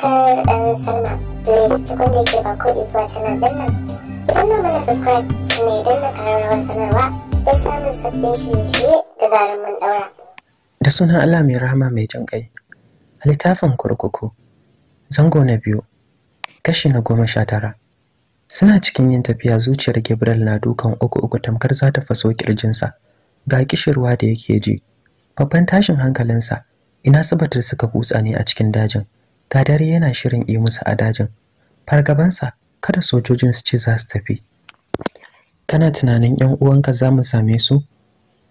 subscribe and sign up. Please tukun da yake ba ko zuwa canal din nan. Ki danna mana subscribe sannan idan na kararrawar sanarwa don samun sabbin shirye-shirye da zarar mun daura. Da sunan Allah mai rahama mai jin kai. A littafin kurkuku zango na biyu kashi na goma sha tara. Suna cikin yin tafiya zuciyar Gabriel na dukan uku uku tamkar za ta faso kirjinsa. Ga kishirwa da yake ji. Babban tashin hankalinsa ina sabatar suka kutsa ne a cikin dajin. ga dare yana shirin yi musu a dajin fargabansa kada sojojin su ce za su tafi kana tunanin yan uwanka za mu same su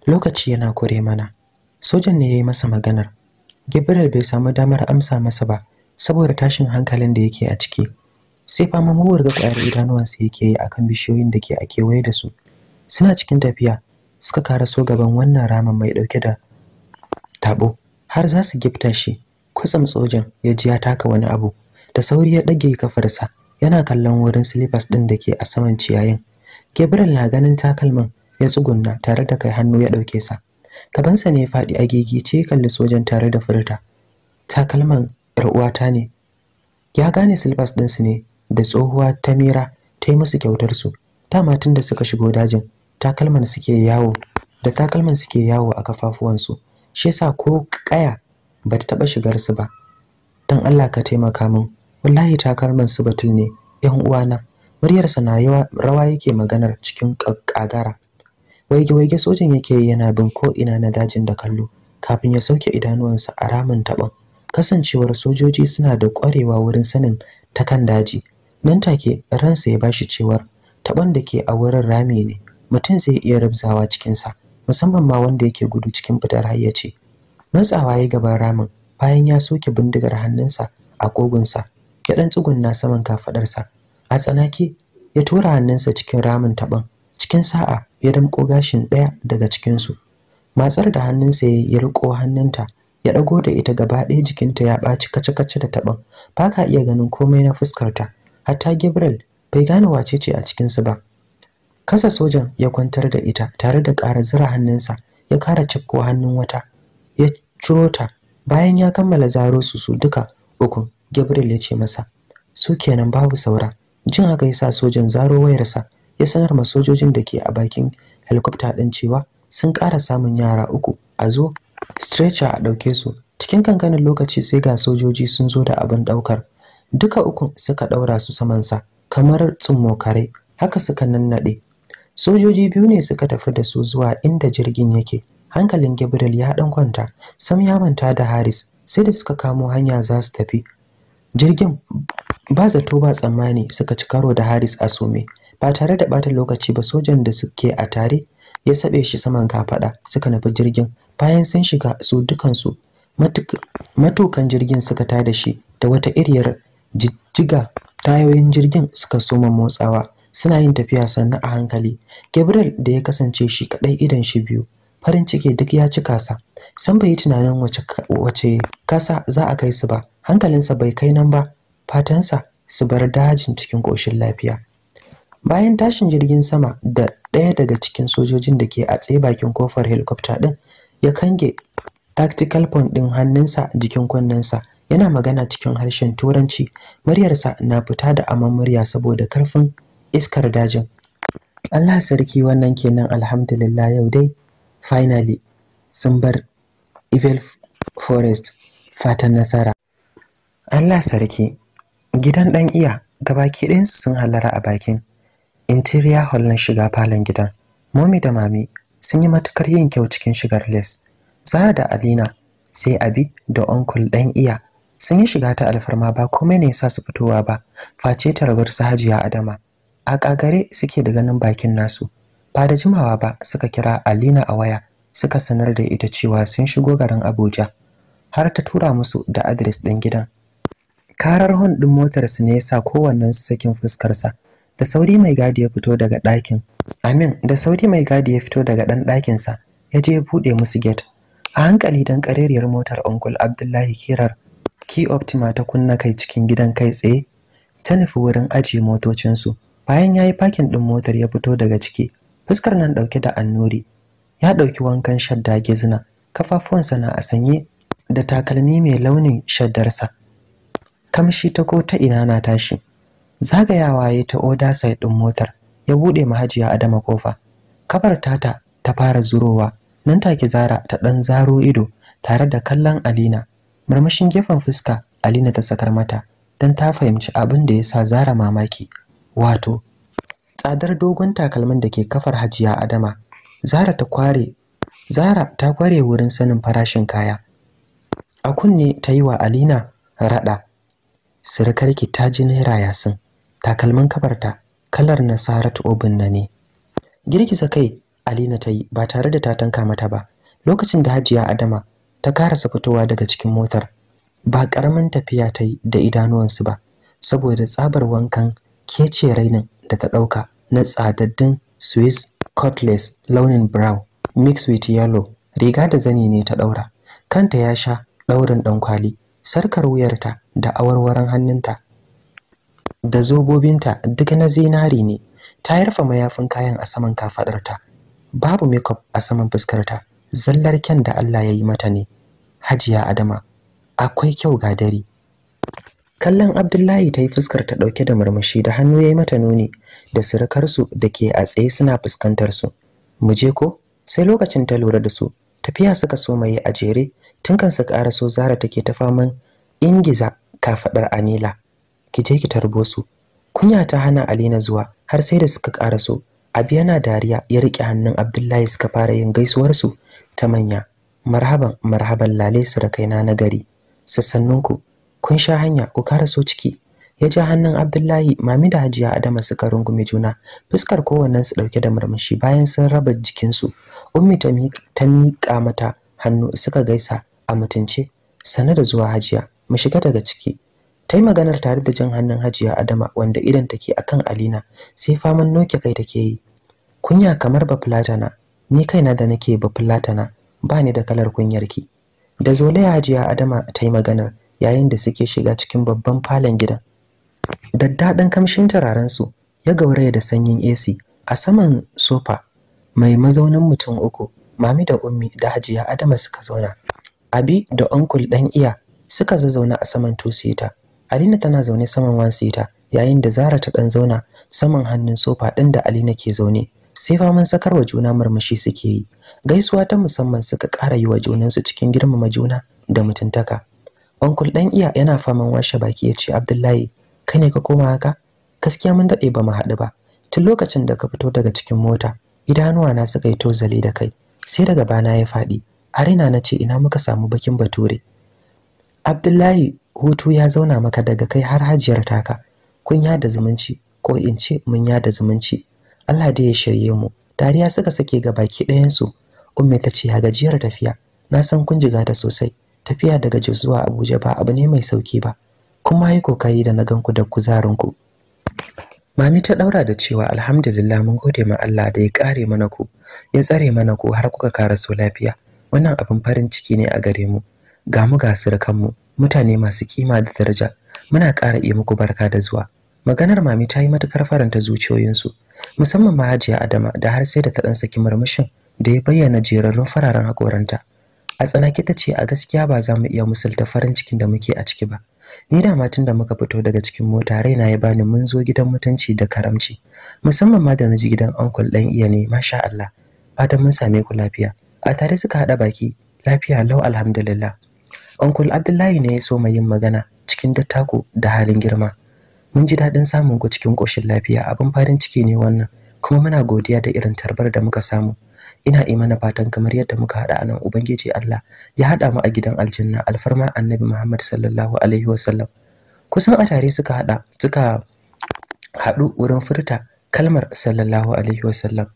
lokaci yana kure mana sojan ne ya yi masa maganar gibril bai samu damar amsa masa ba saboda tashin hankalin da yake a ciki sai fama mawar ga ƙwayar idanuwansa yake yi akan bishiyoyin da ke a kewaye da su suna cikin tafiya suka karaso gaban wannan ramin mai ɗauke da tabo har za su gifta shi kwatsam sojan ya ji ya taka wani abu da sauri ya dage kafarsa yana kallon wurin silifas ɗin da ke a saman ciyayin gabriel na ganin takalman ya tsugunna tare da kai hannu ya ɗauke sa gabansa ne ya faɗi a gigice kalli sojan tare da furta takalman ‘yar uwata ne ya gane silifas su ne da tsohuwa ta mira ta yi musu kyautar su dama tun da suka shigo dajin takalman suke yawo da takalman suke yawo a kafafuwansu shi yasa ko kaya ba ta taɓa shigar su ba dan Allah ka taimaka min wallahi takalman su batul ne yan uwana muryarsa na rawa yake maganar cikin kagara waige waige sojin yake yana bin ko ina na dajin da kallo kafin ya sauke idanuwansa a ramin taɓon kasancewar sojoji suna da ƙwarewa wurin sanin ta kan daji nan take ransa ya bashi cewar taɓon da ke a wurin rami ne mutum zai iya rabzawa cikinsa musamman ma wanda yake gudu cikin fitar hayyace matsawa ya gaban ramin bayan ya soke bindigar hannunsa a kogunsa ya dan tsugunna saman kafaɗarsa, a tsanake ya tura hannunsa cikin ramin taban cikin sa'a ya damƙo gashin ɗaya daga cikinsu matsar da hannunsa ya yi riko hannunta ya ɗago da ita gaba ɗaya jikinta ya ɓaci kace-kace da taɓan ba ka iya ganin komai na fuskarta hatta gabriel bai gane wace ce a cikinsu ba kasa sojan ya kwantar da ita tare da ƙara zura hannunsa ya kara cikko hannun wata ya ciro ta bayan ya kammala zaro su su duka ukun gabriel ya ce masa su kenan babu saura jin haka yasa sojan zaro wayarsa ya sanar ma sojojin da ke a bakin helicopter din cewa sun ƙara samun yara uku a zo stretcher a ɗauke su cikin kankanin lokaci sai ga sojoji sun zo da abin ɗaukar duka uku suka ɗaura su saman sa, kamar tsummokare haka suka nannaɗe sojoji biyu ne suka tafi da su zuwa inda jirgin yake hankalin Gabriel ya dan kwanta sam ya manta da Haris sai da suka kamo hanya za su tafi jirgin ba zato ba tsammani suka ci karo da Haris a some ba tare da bata lokaci ba sojan da suke a tare ya saɓe shi saman kafaɗa suka nufi jirgin bayan sun shiga su dukansu matukan jirgin suka ta da shi da wata iriyar jijjiga tayoyin jirgin suka soma motsawa suna yin tafiya sannan a hankali gabriel da ya kasance shi kadai idan shi biyu farin ciki duk ya cika sa san bai yi tunanin wace kasa za a kai su ba hankalinsa bai kai nan ba fatansa su bar dajin cikin ƙoshin lafiya bayan tashin jirgin sama da ɗaya daga cikin sojojin da ke a tsaye bakin kofar helikwafta ɗin ya kange tactical point ɗin hannunsa jikin sa, yana magana cikin harshen turanci muryarsa na fita da aman murya saboda karfin iskar dajin Allah sarki wannan kenan alhamdulillah yau dai Finally, sun bar Evil Forest fatan nasara. Allah sarki, gidan ɗan iya gabaki ɗayansu sun halara a bakin interior hall na shiga falon gidan. Momi da Mami sun yi matukar yin kyau cikin shigar les. Zara da Alina sai Abi da Onkul dan iya sun yi shiga ta alfarma ba komai ne sa su fitowa ba face ta rabar su hajiya Adama. A kagare suke da ganin bakin nasu. ba da jimawa ba suka kira alina a waya suka sanar da ita cewa sun shigo garin abuja har ta tura musu da adres ɗin gidan karar hon ɗin motarsu ne ya sa su sakin fuskarsa da sauri mai gadi ya fito daga ɗakin amin da sauri mai gadi ya fito daga ɗan ɗakinsa ya je ya buɗe musu gate a hankali dan ƙarerriyar motar uncle abdullahi kirar ki optima ta kunna kai cikin gidan kai tsaye ta nufi wurin ajiye motocinsu bayan yayi yi fakin ɗin motar ya fito daga ciki fuskar nan ɗauke da annori, ya ɗauki wankan shadda gizna kafafuwansa na a sanye da takalmi mai launin shaddarsa kamshi ta ko ta ina na tashi zagayawa ya ta oda sai ɗin motar ya buɗe mahajiya adama kofa kafar tata ta fara zurowa nan take zara ta ɗan zaro ido tare da kallon alina murmushin gefen fuska alina ta sakar mata dan ta fahimci abin da ya sa zara mamaki wato tsadar dogon takalmin da ke kafar hajiya adama zara ta kware zara ta kware wurin sanin farashin kaya a kunne ta yi wa alina rada sirikarki ta ji naira yasin takalmin kafarta kalar na saratu obin na ne girgiza kai alina ta yi ba tare da ta tanka mata ba lokacin da hajiya adama ta karasa fitowa daga cikin motar ba karamin tafiya ta yi da idanuwansu ba saboda tsabar wankan kece rainin da ta ɗauka na tsadaddun Swiss cutlass launin brown mix with yellow riga da zani ne ta ɗaura kanta ya sha ɗaurin ɗankwali sarkar wuyarta da awarwaron hannunta da zobobinta duk na zinari ne ta rufe mayafin kayan a saman kafaɗarta babu makeup a saman fuskarta zallar kyan da Allah ya yi mata ne hajiya adama akwai kyau ga dare kallon abdullahi ta yi fuskar ta ɗauke da murmushi da hannu ya yi mata nuni da surukarsu da ke a tsaye suna fuskantar su mu je ko sai lokacin ta lura da su tafiya suka so mai a jere tun kan su ƙara so zara take ta faman ingiza kafaɗar anila ki je ki tarbo su kunya ta hana alina zuwa har sai da suka ƙara so abi yana dariya ya riƙe hannun abdullahi suka fara yin gaisuwarsu ta manya marhaban marhaban lale surakaina na gari sassanninku kun sha hanya ku so ciki ya ja hannun Abdullahi mami da Hajiya Adama suka rungume juna fuskar kowannen su dauke da murmushi bayan sun raba jikinsu ummi ta miƙa mata hannu suka gaisa a mutunce sane da zuwa Hajiya mu shiga daga ciki ta yi maganar tare da jan hannun Hajiya Adama wanda idan take a kan Alina sai faman noke kai take yi kunya kamar bafulatana ni kaina da nake bafulatana ba ni da kalar kunyarki da zolaya Hajiya Adama ta yi maganar yayin da suke shiga cikin babban falon gidan daddaɗan kamshin su ya gauraya da sanyin AC a saman sofa mai mazaunin mutum uku mami da ummi da hajiya adama suka zauna abi da onkul ɗan iya suka zazzauna a saman tusita alina tana zaune saman wansita yayin da zara ta ɗan zauna saman hannun sofa ɗin da alina ke zaune sai faman wa juna murmushi suke yi gaisuwa ta musamman suka ƙara yi wa junansu cikin girmama juna da mutuntaka Onkul ɗan iya yana faman washe baki ya ce Abdullahi, ka ne ka koma haka? Gaskiya mun daɗe ba mu haɗu ba. Tun lokacin da ka fito daga cikin mota, idanuwa na suka yi tozali da kai. Sai daga bana ya faɗi. raina na ce ina muka samu bakin bature. Abdullahi hutu ya zauna maka daga kai har hajiyar taka. Kun da zumunci ko in ce mun ya da zumunci. Allah da ya shirye mu. Dariya suka sake ga baki ɗayansu. Umme ta ce ya gajiyar tafiya. Na san kun jiga ta sosai. tafiya daga Jos zuwa Abuja ba abu ne mai sauki ba kuma yi kokari da na gan ku da kuzarin ku. Mami ta ɗaura da cewa alhamdulillah mun gode ma Allah da ya kare mana ku ya tsare mana ku har kuka kara su lafiya wannan abin farin ciki ne a gare mu ga mu ga surukanmu mutane masu kima da daraja muna ƙara yi muku barka da zuwa maganar mami ta yi matukar faranta zuciyoyinsu musamman ma hajiya adama da har sai da ta dan saki murmushin da ya bayyana jerarrun fararen hakoranta a tsanake ta ce a gaskiya ba za mu iya musulta farin cikin da muke a ciki ba ni da matan da muka fito daga cikin mota raina ya bani mun zo gidan mutunci da karamci musamman ma da na ji gidan ankul ɗan iya ne masha Allah fatan mun same ku lafiya a tare suka haɗa baki lafiya lau alhamdulillah Uncle Abdullahi ne ya so mai yin magana cikin dattako da halin girma. Mun ji daɗin samun ku cikin ƙoshin lafiya abin farin ciki ne wannan kuma muna godiya da irin tarbar da muka samu. ina imana fatan kamar yadda muka haɗa anan nan ubangiji Allah ya haɗa mu a gidan aljanna alfarma annabi Muhammad sallallahu alaihi wasallam kusan a tare suka hada suka haɗu wurin furta kalmar sallallahu alaihi wasallam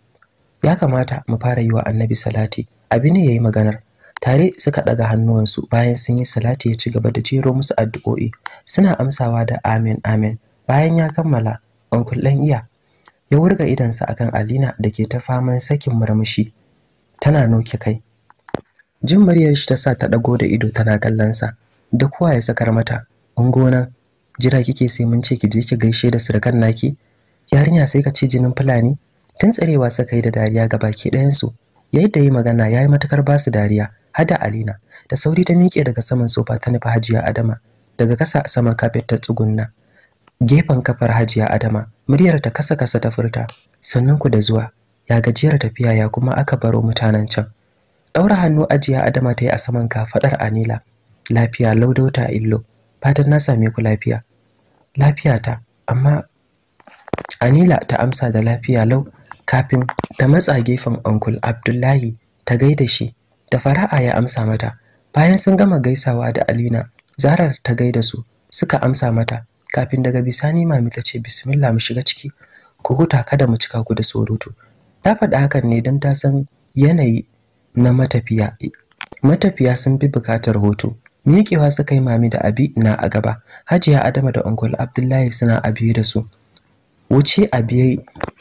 ya kamata mu fara yi wa annabi salati abi ne yayi maganar tare suka ɗaga hannuwansu bayan sun yi salati ya ci gaba da jero musu addu'o'i suna amsawa da amin amin bayan ya kammala onkul ɗan iya ya wurga idonsa akan Alina da ke ta faman sakin murmushi tana noke kai jin muryar shi ta sa ta dago da ido tana kallon sa da kowa ya sakar mata ungona jira kike sai mun ce ki je ki gaishe da surkan naki yarinya sai ka ce jinin fulani tun tsarewa sakai da dariya ga baki ɗayan su yayin da yi magana yayi matakar basu dariya Hada Alina da sauri ta miƙe daga saman sofa ta nufi Hajiya Adama daga kasa saman kafet ta tsugunna gefen kafar hajiya adama muryar ta kasa kasa ta furta sannan ku da zuwa ya gajiyar tafiya ya kuma aka baro mutanen can daura hannu ajiya adama ta yi a saman kafadar anila lafiya laudauta illo fatan na same ku lafiya lafiya ta amma anila ta amsa da lafiya lau kafin ta matsa gefen uncle abdullahi ta gaida shi da fara'a ya amsa mata bayan sun gama gaisawa da alina zarar ta gaida su suka amsa mata kafin daga bisani mami ta ce bismillah mu shiga ciki ku huta kada mu cika ku da surutu ta faɗi hakan ne don ta san yanayi na matafiya matafiya sun fi bukatar hoto miƙewa suka yi mami da abi na a gaba hajiya adama da onkul abdullahi suna a biye da su wuce a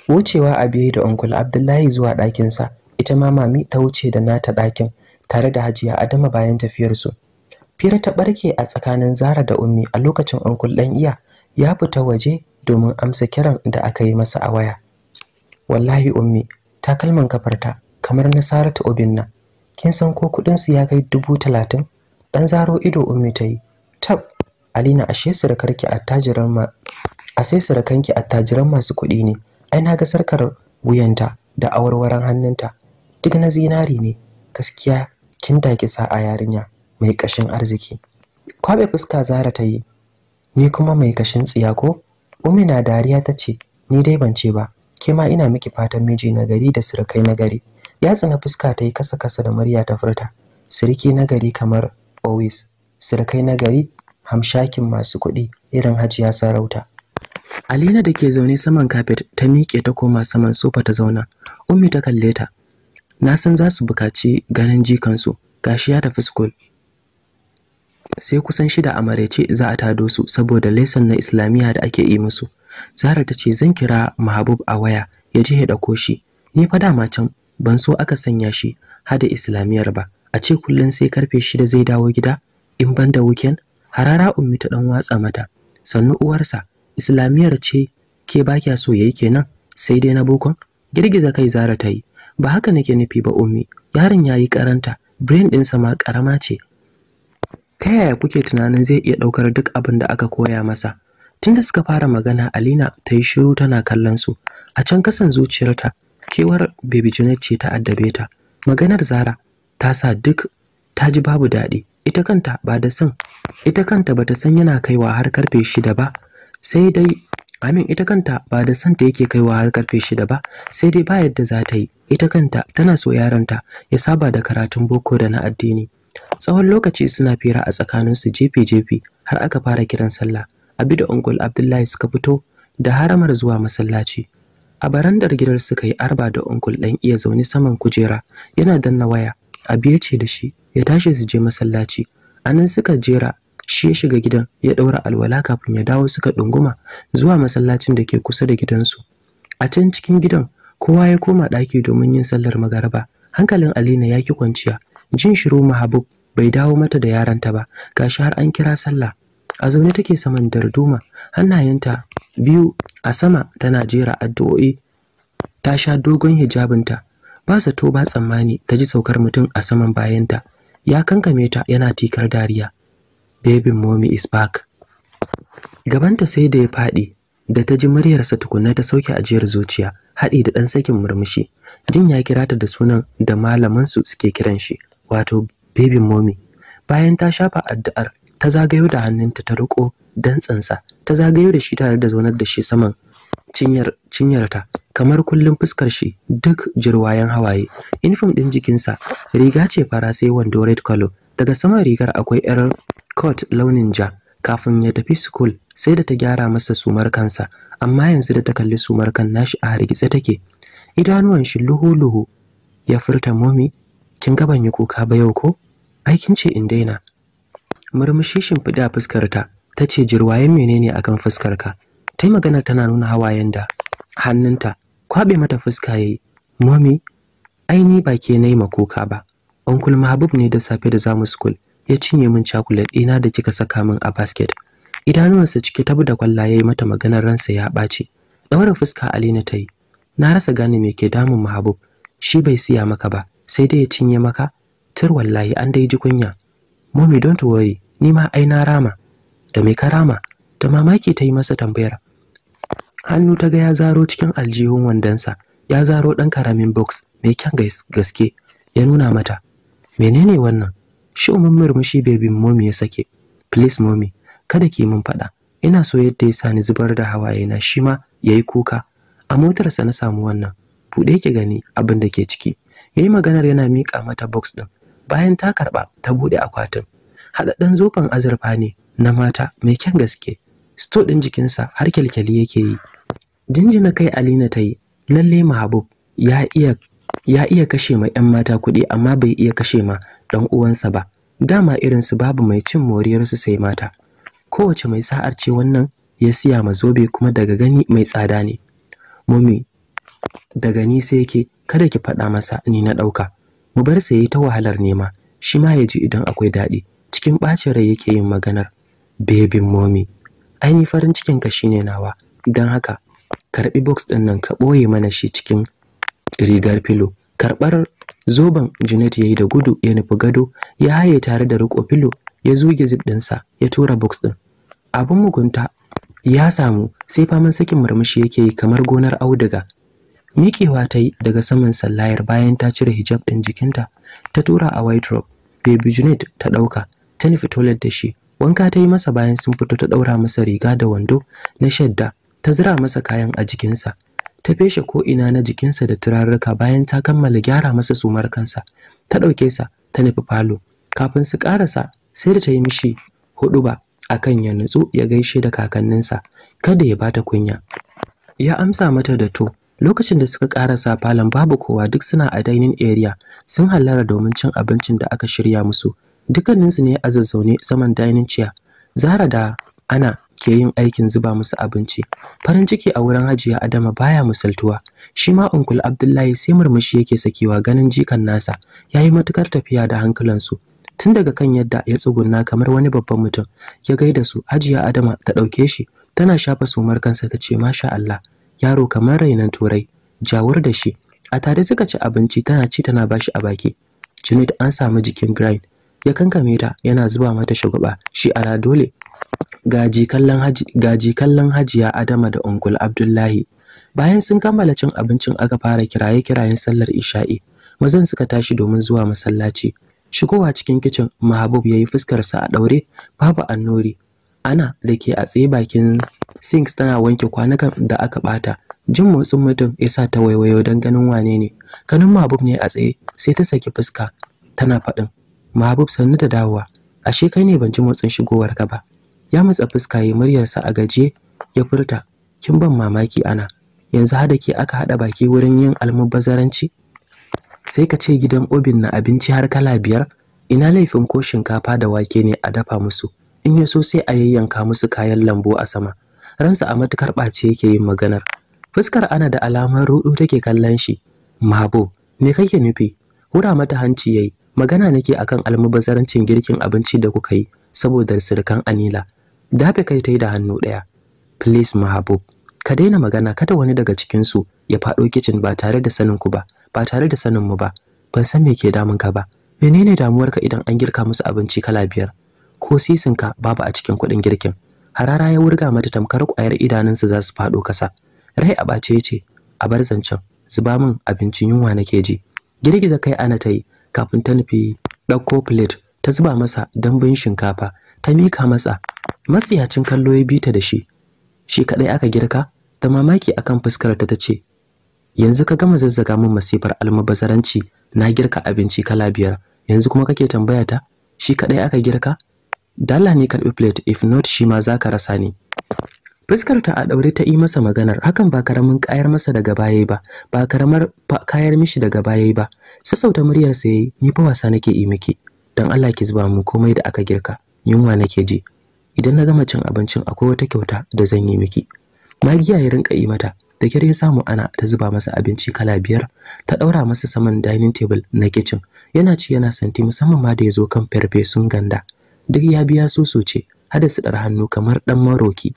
wucewa a biye da onkul abdullahi zuwa ɗakinsa ita ma mami ta wuce da nata ɗakin tare da hajiya adama bayan tafiyarsu fira ta ɓarke a tsakanin zara da ummi a lokacin onkul ɗan iya ya fita waje domin amsa kiran da aka yi masa a waya wallahi ummi takalman kafarta kamar na saratu obinna kin san ko kudin su ya kai dubu talatin dan zaro ido ummi ta yi tab alina ashe a tajiran ma a sai a tajiran masu kuɗi ne ai na ga sarkar wuyanta da awarwaran hannunta duk na zinari ne gaskiya kin take a yarinya mai ƙashin arziki kwabe fuska zara ta yi ni kuma mai kashin tsiya ko umi na dariya ta ce ni dai ban ce ba ke ma ina miki fatan miji na gari da surukai na gari ya tsina fuska ta yi kasa kasa da murya ta furta siriki na gari kamar always surukai na gari hamshakin masu kuɗi irin hajiya sarauta Alina da ke zaune saman kafet ta miƙe ta koma saman sofa ta zauna. Ummi ta kalle ta. Na san za su buƙaci ganin jikansu, gashi ya tafi school. sai kusan shida a maraice za a tado su saboda lesson na islamiyya da ake yi musu zara ta ce zan kira mahabub a waya ya ji ya ɗauko shi ni fa dama can ban so aka sanya shi hada islamiyyar ba a ce kullum sai karfe shida zai dawo gida in ban da weekend harara ummi ta dan watsa mata sannu uwarsa islamiyyar ce ke ba kya so yayi kenan sai dai na bokon girgiza kai zara ta yi ba haka nake nufi ba ummi yaron yayi karanta brain ɗinsa ma karama ce ta yaya kuke tunanin zai iya ɗaukar duk abin da aka koya masa tunda suka fara magana alina ta yi shiru tana kallon su a can kasan zuciyarta kewar baby junet ce ta addabe ta maganar zara ta sa duk ta ji babu daɗi ita kanta ba da san ita kanta bata san yana kaiwa har karfe shida ba sai dai amin ita kanta ba da san ta yake kaiwa har karfe shida ba sai dai ba yadda za ta yi ita kanta tana so yaronta ya saba da karatun boko da na addini Tsawon lokaci suna fira a tsakaninsu jefe-jefe har aka fara kiran sallah. Abi da Uncle Abdullahi suka fito da haramar zuwa masallaci. A barandar gidan suka yi arba da Uncle ɗan iya zaune saman kujera yana danna waya. Abi ya ce da shi ya tashi su je masallaci. anan nan suka jera shi ya shiga gidan ya ɗaura alwala kafin ya dawo suka ɗunguma zuwa masallacin da ke kusa da gidansu. A can cikin gidan kowa ya koma ɗaki domin yin sallar magaraba. Hankalin Alina ya ki kwanciya jin shiru mahabub bai dawo mata da yaranta ba gashi har an kira sallah a zaune take saman darduma hannayenta biyu a sama tana jera addu'o'i ta sha dogon hijabinta ba zato ba tsammani ta ji saukar mutum a saman bayanta ya kankame ta yana tikar dariya Baby mommy is back gabanta sai da ya faɗi da ta ji muryarsa tukunna ta sauke ajiyar zuciya haɗi da ɗan sakin murmushi jin ya kira ta da sunan da malamansu suke kiran shi wato baby mommy bayan ta shafa addu'ar ta zagayo da hannunta ta riko dantsansa ta zagayo da shi tare da zaunar da shi saman cinyar cinyarta kamar kullum fuskar shi duk jirwayen hawaye uniform din jikinsa riga ce fara sai wando red color daga saman rigar akwai yar coat launin ja kafin ya tafi school sai da ta gyara masa sumar kansa amma yanzu da ta kalli sumar kan nashi a hargitse take idanuwan shi luhu-luhu ya furta momi kin ga ban yi kuka ba yau ko ai kin ce in daina murmushi a fuskar ta ta ce jirwayen menene akan fuskar ka tai maganar tana nuna hawayen da hannunta kwaɓe mata fuska yayi mami ai ni ba ke nayi makoka ba onkul mahabub ne da safe da zamu school ya cinye min chocolate ɗina da kika saka min a basket idanuwansa cike tabu da kwalla yayi mata maganar ransa ya ɓaci ɗaura fuska alina ta yi na rasa gane me ke damun mahabub shi bai siya maka ba sai dai ya cinye maka tur wallahi an dai ji kunya mommy don't worry ni ma ai na rama da me ka rama da mamaki ta yi masa tambayar hannu ta ga ya zaro cikin aljihun wandonsa ya zaro ɗan karamin box mai kyan gaske ya nuna mata menene wannan shi umin murmushi baby momi ya sake please momi kada ki mun faɗa ina so yadda ya sani zubar da hawaye na shi ma yayi kuka a motarsa na samu wannan buɗe ki gani abin da ke ciki yayi maganar yana mika mata box ɗin bayan ta karɓa ta bude akwatin haɗaɗɗen zofan azurfa ne na mata mai kyan gaske sto ɗin jikinsa har kyalkyali yake yi jinjina kai alina ta yi lalle mahabub ya iya ya iya kashe ma 'yan mata kuɗi amma bai iya kashe ma ɗan uwansa ba dama irin su babu mai cin moriyar su sai mata kowace mai sa'ar ce wannan ya siya ma zobe kuma daga gani mai tsada ne mummy daga ni sai ke kada ki faɗa masa ni na ɗauka mu bar sa yi ta wahalar nema shi ma ya ji idan akwai daɗi cikin ɓacin rai yake yin maganar bebin momi ainihin farin cikin ka shine nawa don haka karɓi box ɗin nan ka ɓoye mana shi cikin rigar filo karɓar zoben Junet ya yi da gudu ya nufi gado ya haye tare da riƙo filo ya zuge zip ɗinsa ya tura box ɗin abin mugunta ya samu sai faman sakin murmushi yake yi kamar gonar auduga miƙewa ta yi daga saman sallayar bayan ta cire hijab ɗin jikinta ta tura a white robe baby junet ta ɗauka ta nufi toilet da shi wanka ta yi masa bayan sun fito ta ɗaura masa riga da wando na shadda ta zira masa kayan a jikinsa ta feshe ko'ina na jikinsa da turarruka bayan ta kammala gyara masa sumar kansa ta ɗauke sa ta nufi falo kafin su ƙarasa sai da ta yi mishi huɗuba kan ya nutsu ya gaishe da kakanninsa kada ya bata kunya ya amsa mata da to lokacin da suka karasa falon babu kowa duk suna a dainin area sun hallara domin cin abincin da aka shirya musu dukkaninsu ne a zazzaune saman dainin ciya. zara da ana ke yin aikin zuba musu abinci farin ciki a wurin hajiya adama baya misaltuwa shi ma unkul abdullahi sai murmushi yake sakewa ganin jikan nasa ya yi matukar tafiya da su tun daga kan yadda ya tsugunna kamar wani babban mutum ya gaida su hajiya adama ta ɗauke shi tana shafa sumar kansa ta ce masha allah yaro kamar rainan turai jawar da shi a tare suka ci abinci tana ci tana bashi a baki junid an samu jikin grind ya kankame ta yana zuba mata shagwaba shi ala dole gaji kallon hajiya Adama da Uncle Abdullahi bayan sun kammala cin abincin aka fara kiraye kirayen sallar isha'i mazan suka tashi domin zuwa masallaci shigowa cikin kicin mahabub ya yi fuskarsa a daure babu annori ana da ke a tsaye bakin Sinks tana wanke kwanukan da aka bata. Jin motsin mutum ya sa ta waiwayo don ganin wane ne. Kanin Mahbub ne a tsaye sai ta saki fuska tana faɗin. Mahbub sannu da dawowa. Ashe kai ne ban ji motsin shigowar ka ba. Ya matsa fuska ya muryarsa a gaje ya furta. Kin ban mamaki ana. Yanzu hada ke aka haɗa baki wurin yin almubazzaranci? Sai ka ce gidan obin na abinci har kala biyar? Ina laifin ko shinkafa da wake ne a dafa musu? in ya so sai a yayyanka musu kayan lambu a sama ransa a matukar ɓace yake yin maganar fuskar ana da alamar rudu take kallon shi mabo me kake nufi hura mata hanci yayi magana nake akan almubazarancin girkin abinci da kuka yi saboda sirkan anila dafe kai ta yi da hannu ɗaya please mahabub ka daina magana kada wani daga cikinsu ya faɗo kicin ba tare da sanin ku ba ba tare da sanin mu ba ban san me ke damun ka ba menene damuwarka idan an girka musu abinci kala biyar ko sisinka babu a cikin kuɗin girkin harara ya wurga mata tamkar ƙwayar idanunsa za su faɗo kasa rai a ɓace ya ce a bar zancen zuba min abincin yunwa nake ji girgiza kai ana ta yi kafin ta nufi ɗauko plate ta zuba masa dambun shinkafa ta mika masa matsiyacin kallo ya bita da shi shi kaɗai aka girka da mamaki akan fuskarta ta ce yanzu ka gama zazzaga min masifar almabazaranci na girka abinci kala biyar yanzu kuma kake tambaya ta shi kaɗai aka girka dala ne karbi plate if not shi ma zaka rasa ni. fuskar ta a daure ta yi masa maganar hakan ba karamin kayar masa daga baya ba ba karamar kayar mishi daga baya ba sassauta muryar sa yayi ni fa wasa nake yi miki dan Allah ki zuba mu komai da aka girka yunwa nake ji idan na gama cin abincin akwai wata kyauta da zan yi miki magiya ya rinka yi mata da kyar ya samu ana ta zuba masa abinci kala biyar ta daura masa saman dining table na kitchen yana ci yana santi musamman ma da ya zo kan farfesun ganda duk ya biya su ce, hada su ɗar hannu kamar ɗan maroki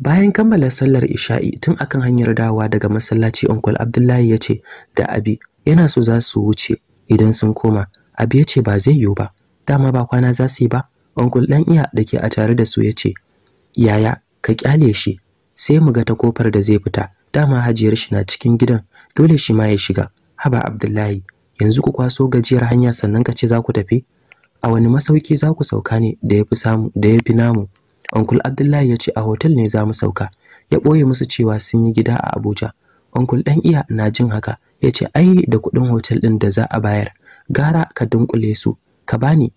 bayan kammala sallar isha'i tun akan hanyar dawa daga masallaci onkul abdullahi ya ce da abi yana so za su wuce idan sun koma abi ya ce ba zai yiwu ba dama ba kwana za su yi ba onkul ɗan iya da ke a tare da su yace, yaya ka kyale shi sai mu ga ta kofar da zai fita dama hajiyar shi na cikin gidan dole shi ma ya shiga haba abdullahi yanzu ku kwaso gajiyar hanya sannan ka ce za ku tafi a wani masauki za ku sauka ne da ya fi samu da ya fi namu uncle abdullahi ya ce a hotel ne za mu sauka ya ɓoye musu cewa sun yi gida a abuja uncle ɗan iya na jin haka ya ce ai da kuɗin hotel ɗin da za a bayar gara ka dunkule su ka bani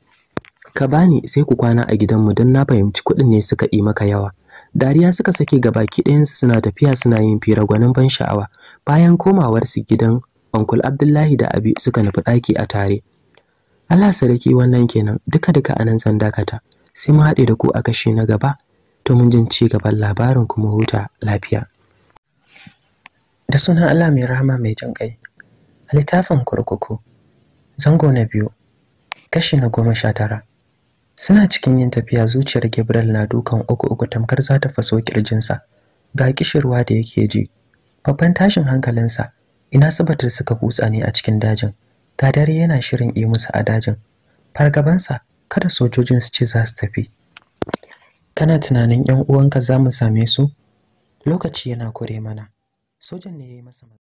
ka bani sai ku kwana a gidanmu don na fahimci kuɗin ne suka yi maka yawa dariya suka sake ga baki ɗayansu suna tafiya suna yin fira gwanin ban sha'awa bayan komawarsu gidan uncle abdullahi da abi suka nufi ɗaki a tare Allah sarki wannan kenan duka duka anan zan dakata sai mu haɗe da ku a kashi na gaba to mun jin ci gaban labarin kuma huta lafiya da sunan Allah mai rahama mai jin kai a littafin kurkuku zango na biyu kashi na goma sha tara suna cikin yin tafiya zuciyar Gabriel na dukan uku uku tamkar za ta faso kirjinsa ga kishirwa da yake ji babban tashin hankalinsa ina sabatar suka butsa ne a cikin dajin ga dare yana shirin yi musu a dajin fargabansa kada sojojin su ce za su tafi kana tunanin yan uwanka za mu same su lokaci yana kure mana sojan ne ya yi masa